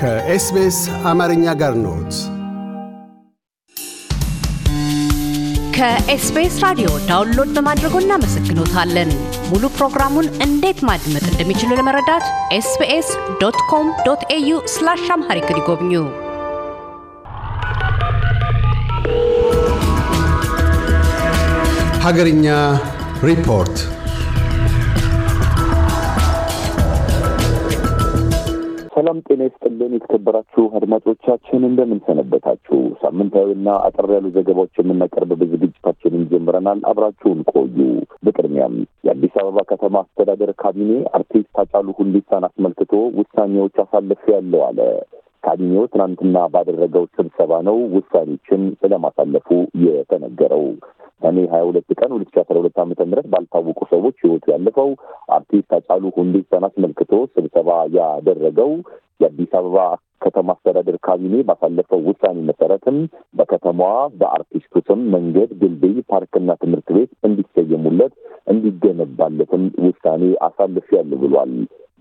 ከኤስቤስ አማርኛ ጋር ኖት። ከኤስቤስ ራዲዮ ዳውንሎድ በማድረጎ እናመሰግኖታለን። ሙሉ ፕሮግራሙን እንዴት ማድመጥ እንደሚችሉ ለመረዳት ኤስቤስ ዶት ኮም ዶት ኤዩ ስላሽ ይጎብኙ። ሀገርኛ ሪፖርት ሰላም ጤና ይስጥልን። የተከበራችሁ አድማጮቻችን እንደምን ሰነበታችሁ? ሳምንታዊና አጠር ያሉ ዘገባዎች የምናቀርብበት ዝግጅታችንን ጀምረናል። አብራችሁን ቆዩ። በቅድሚያም የአዲስ አበባ ከተማ አስተዳደር ካቢኔ አርቲስት ሃጫሉ ሁንዴሳን አስመልክቶ ውሳኔዎች አሳልፍ ያለው አለ። ካቢኔው ትናንትና ባደረገው ስብሰባ ነው ውሳኔዎችን ስለማሳለፉ የተነገረው። ሰኔ ሀያ ሁለት ቀን ሁለት ሺ አስራ ሁለት አመተ ምህረት ባልታወቁ ሰዎች ህይወቱ ያለፈው አርቲስት ሃጫሉ ሁንዴሳን አስመልክቶ ስብሰባ ያደረገው የአዲስ አበባ ከተማ አስተዳደር ካቢኔ ባሳለፈው ውሳኔ መሰረትም በከተማዋ በአርቲስቱ ስም መንገድ፣ ድልድይ፣ ፓርክና ትምህርት ቤት እንዲሰየሙለት እንዲገነባለትም ውሳኔ አሳልፌያለሁ ብሏል።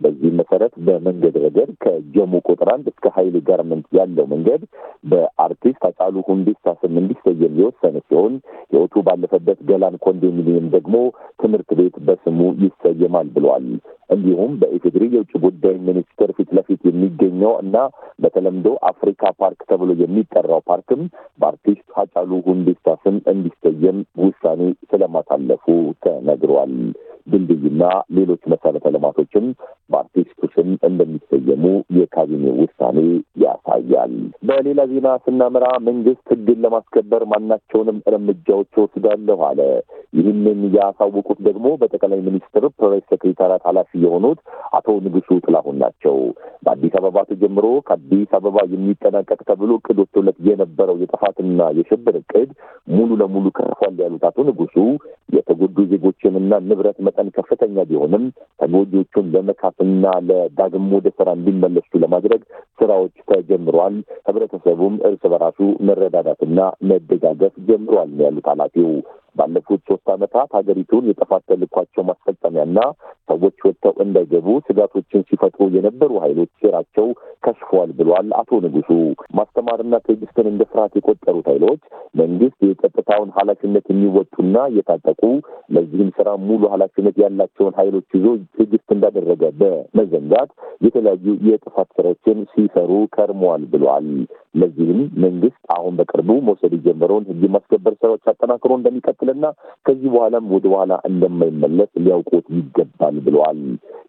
በዚህ መሰረት በመንገድ ረገድ ከጀሞ ቁጥር አንድ እስከ ሀይሌ ጋርመንት ያለው መንገድ በአርቲስት አጫሉ ሁንዴሳ ስም እንዲሰየም የወሰነ ሲሆን ሕይወቱ ባለፈበት ገላን ኮንዶሚኒየም ደግሞ ትምህርት ቤት በስሙ ይሰየማል ብሏል። እንዲሁም በኢፌድሪ የውጭ ጉዳይ ሚኒስቴር ፊት ለፊት የሚገኘው እና በተለምዶ አፍሪካ ፓርክ ተብሎ የሚጠራው ፓርክም በአርቲስት አጫሉ ሁንዴሳ ስም እንዲሰየም ውሳኔ ስለማሳለፉ ተነግሯል። ድልድይና ሌሎች መሰረተ ልማቶችም በአዲስ ክፍል እንደሚሰየሙ የካቢኔ ውሳኔ ያሳያል። በሌላ ዜና ስናመራ መንግስት ህግን ለማስከበር ማናቸውንም እርምጃዎች ወስዳለሁ አለ። ይህንን ያሳወቁት ደግሞ በጠቅላይ ሚኒስትር ፕሬስ ሴክሬታሪያት ኃላፊ የሆኑት አቶ ንጉሱ ጥላሁን ናቸው። በአዲስ አበባ ተጀምሮ ከአዲስ አበባ የሚጠናቀቅ ተብሎ እቅድ ወጥቶለት የነበረው የጥፋትና የሽብር እቅድ ሙሉ ለሙሉ ከርፏል ያሉት አቶ ንጉሱ የተጎዱ ዜጎችንና ንብረት መጠን ከፍተኛ ቢሆንም ተጎጂዎቹን ለመካፍና ለዳግም ወደ ስራ እንዲመለሱ ለማድረግ ስራዎች ተጀምሯል። ህብረተሰቡም እርስ በራሱ መረዳዳትና መደጋገፍ ጀምሯል ያሉት ኃላፊው። ባለፉት ሶስት ዓመታት ሀገሪቱን የጥፋት ተልኳቸው ማስፈጸሚያና ሰዎች ወጥተው እንዳይገቡ ስጋቶችን ሲፈጥሩ የነበሩ ኃይሎች ሴራቸው ከሽፏል ብሏል አቶ ንጉሱ። ማስተማርና ትዕግስትን እንደ ፍርሃት የቆጠሩት ኃይሎች መንግስት የጸጥታውን ኃላፊነት የሚወጡና እየታጠቁ ለዚህም ስራ ሙሉ ኃላፊነት ያላቸውን ኃይሎች ይዞ ትዕግስት እንዳደረገ በመዘንጋት የተለያዩ የጥፋት ስራዎችን ሲሰሩ ከርመዋል ብሏል። ለዚህም መንግስት አሁን በቅርቡ መውሰድ የጀመረውን ህግ ማስከበር ስራዎች አጠናክሮ እንደሚቀጥል እንደሚያስተካክልና ከዚህ በኋላም ወደ ኋላ እንደማይመለስ ሊያውቁት ይገባል ብለዋል።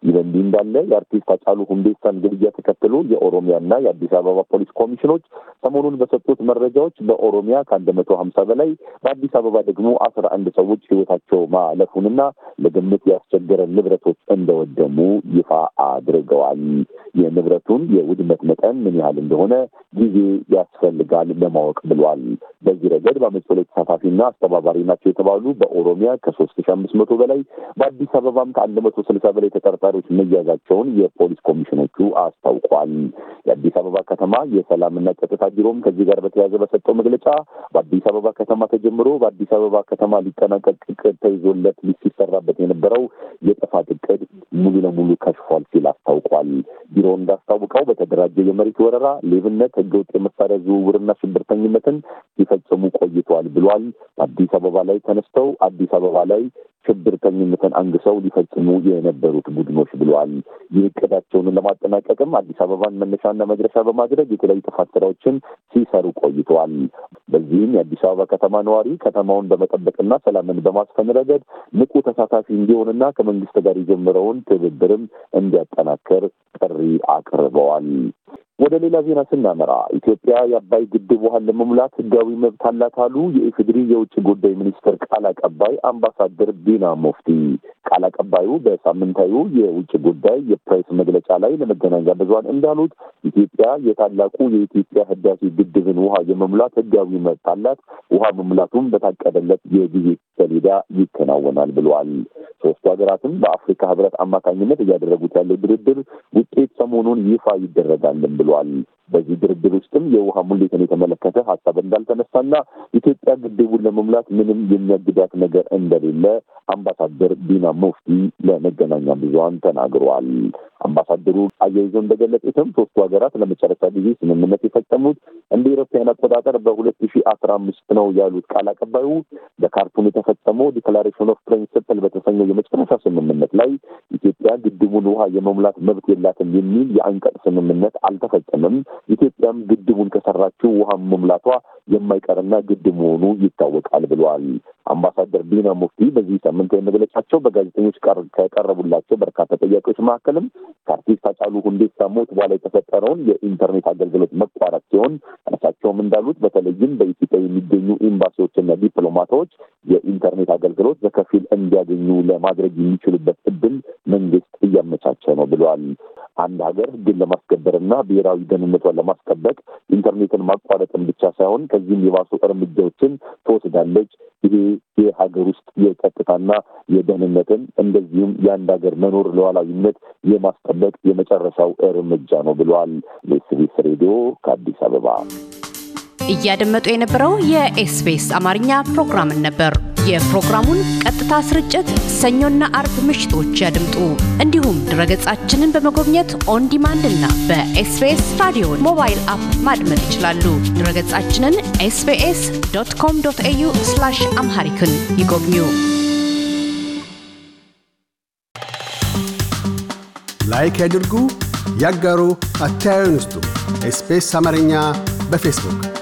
ይህ እንዲህ እንዳለ የአርቲስት አጫሉ ሁንዴሳን ግድያ ተከትሎ የኦሮሚያና የአዲስ አበባ ፖሊስ ኮሚሽኖች ሰሞኑን በሰጡት መረጃዎች በኦሮሚያ ከአንድ መቶ ሀምሳ በላይ በአዲስ አበባ ደግሞ አስራ አንድ ሰዎች ህይወታቸው ማለፉንና ለግምት ያስቸገረ ንብረቶች እንደወደሙ ይፋ አድርገዋል። የንብረቱን የውድመት መጠን ምን ያህል እንደሆነ ጊዜ ያስፈልጋል ለማወቅ ብሏል። በዚህ ረገድ በአመፅ ፖለቲካ ተሳታፊና አስተባባሪ ናቸው የተባሉ በኦሮሚያ ከሶስት ሺ አምስት መቶ በላይ በአዲስ አበባም ከአንድ መቶ ስልሳ በላይ ተጠርጣሪዎች መያዛቸውን የፖሊስ ኮሚሽኖቹ አስታውቋል። የአዲስ አበባ ከተማ የሰላምና ጸጥታ ቢሮም ከዚህ ጋር በተያያዘ በሰጠው መግለጫ በአዲስ አበባ ከተማ ተጀምሮ በአዲስ አበባ ከተማ ሊጠናቀቅ እቅድ ተይዞለት ሲሰራበት የነበረው የጥፋት እቅድ ሙሉ ለሙሉ ከሽፏል ሲል አስታውቋል። ቢሮው እንዳስታውቀው በተደራጀ የመሬት ወረራ፣ ሌብነት፣ ህገወጥ የመሳሪያ ዝውውርና ሽብርተኝነትን ሲፈጽሙ ቆይተዋል ብሏል። አዲስ አበባ ላይ ተነስተው አዲስ አበባ ላይ ሽብርተኝነትን አንግሰው ሊፈጽሙ የነበሩት ቡድኖች ብለዋል። ይህ ለማጠናቀቅም አዲስ አበባን መነሻና መድረሻ በማድረግ የተለያዩ ጥፋት ስራዎችን ሲሰሩ ቆይተዋል። በዚህም የአዲስ አበባ ከተማ ነዋሪ ከተማውን በመጠበቅና ሰላምን በማስፈን ረገድ ንቁ ተሳታፊ እንዲሆንና ከመንግስት ጋር የጀመረውን ትብብርም እንዲያጠናክር ጥሪ አቅርበዋል። ወደ ሌላ ዜና ስናመራ ኢትዮጵያ የአባይ ግድብ ውሃን ለመሙላት ህጋዊ መብት አላት አሉ የኢፌዴሪ የውጭ ጉዳይ ሚኒስትር ቃል አቀባይ አምባሳደር ቢ ዲና ሙፍቲ ቃል አቀባዩ በሳምንታዊ የውጭ ጉዳይ የፕሬስ መግለጫ ላይ ለመገናኛ ብዙኃን እንዳሉት ኢትዮጵያ የታላቁ የኢትዮጵያ ህዳሴ ግድብን ውሃ የመሙላት ህጋዊ መብት አላት። ውሃ መሙላቱም በታቀደለት የጊዜ ሰሌዳ ይከናወናል ብለዋል። ሶስቱ ሀገራትም በአፍሪካ ህብረት አማካኝነት እያደረጉት ያለው ድርድር ውጤት ሰሞኑን ይፋ ይደረጋልን ብሏል። በዚህ ድርድር ውስጥም የውሃ ሙሌትን የተመለከተ ሀሳብ እንዳልተነሳና ኢትዮጵያ ግድቡን ለመሙላት ምንም የሚያግዳት ነገር እንደሌለ አምባሳደር ዲና ሙፍቲ ለመገናኛ ብዙሀን ተናግረዋል። አምባሳደሩ አያይዘው እንደገለጹትም ሶስቱ ሀገራት ለመጨረሻ ጊዜ ስምምነት የፈጸሙት እንደ አውሮፓውያን አቆጣጠር በሁለት ሺ አስራ አምስት ነው ያሉት ቃል አቀባዩ በካርቱም የተፈጸመው ዲክላሬሽን ኦፍ ፕሪንስፕል በተሰኘው የመጨረሻ ስምምነት ላይ ኢትዮጵያ ግድቡን ውሃ የመሙላት መብት የላትም የሚል የአንቀጽ ስምምነት አልተፈጸመም። ኢትዮጵያም ግድቡን ከሰራችው ውሃ መሙላቷ የማይቀርና ግድ መሆኑ ይታወቃል ብለዋል። አምባሳደር ዲና ሙፍቲ በዚህ ሳምንት የመግለጫቸው በጋዜጠኞች ከቀረቡላቸው በርካታ ጥያቄዎች መካከልም ከአርቲስት ሃጫሉ ሁንዴሳ ሞት በኋላ የተፈጠረውን የኢንተርኔት አገልግሎት መቋረጥ ሲሆን እርሳቸውም እንዳሉት በተለይም በኢትዮጵያ የሚገኙ ኤምባሲዎችና ዲፕሎማቶች የኢንተርኔት አገልግሎት በከፊል እንዲያገኙ ለማድረግ የሚችሉበት እድል መንግስት እያመቻቸ ነው ብለዋል። አንድ ሀገር ህግን ለማስከበርና ብሔራዊ ደህንነቷን ለማስጠበቅ ኢንተርኔትን ማቋረጥን ብቻ ሳይሆን ከዚህም የባሱ እርምጃዎችን ትወስዳለች። ይሄ የሀገር ውስጥ የጸጥታና የደህንነትን እንደዚሁም የአንድ ሀገር መኖር ሉዓላዊነት የማስጠበቅ የመጨረሻው እርምጃ ነው ብለዋል። ለኤስቢኤስ ሬዲዮ ከአዲስ አበባ እያደመጡ የነበረው የኤስቢኤስ አማርኛ ፕሮግራምን ነበር። የፕሮግራሙን ቀጥታ ስርጭት ሰኞና አርብ ምሽቶች ያድምጡ። እንዲሁም ድረገጻችንን በመጎብኘት ኦን ዲማንድ እና በኤስቢኤስ ራዲዮ ሞባይል አፕ ማድመጥ ይችላሉ። ድረገጻችንን ኤስቢኤስ ዶት ኮም ዶት ኤዩ አምሃሪክን ይጎብኙ። ላይክ ያድርጉ፣ ያጋሩ፣ አስተያየቱን ይስጡ። አማርኛ በፌስቡክ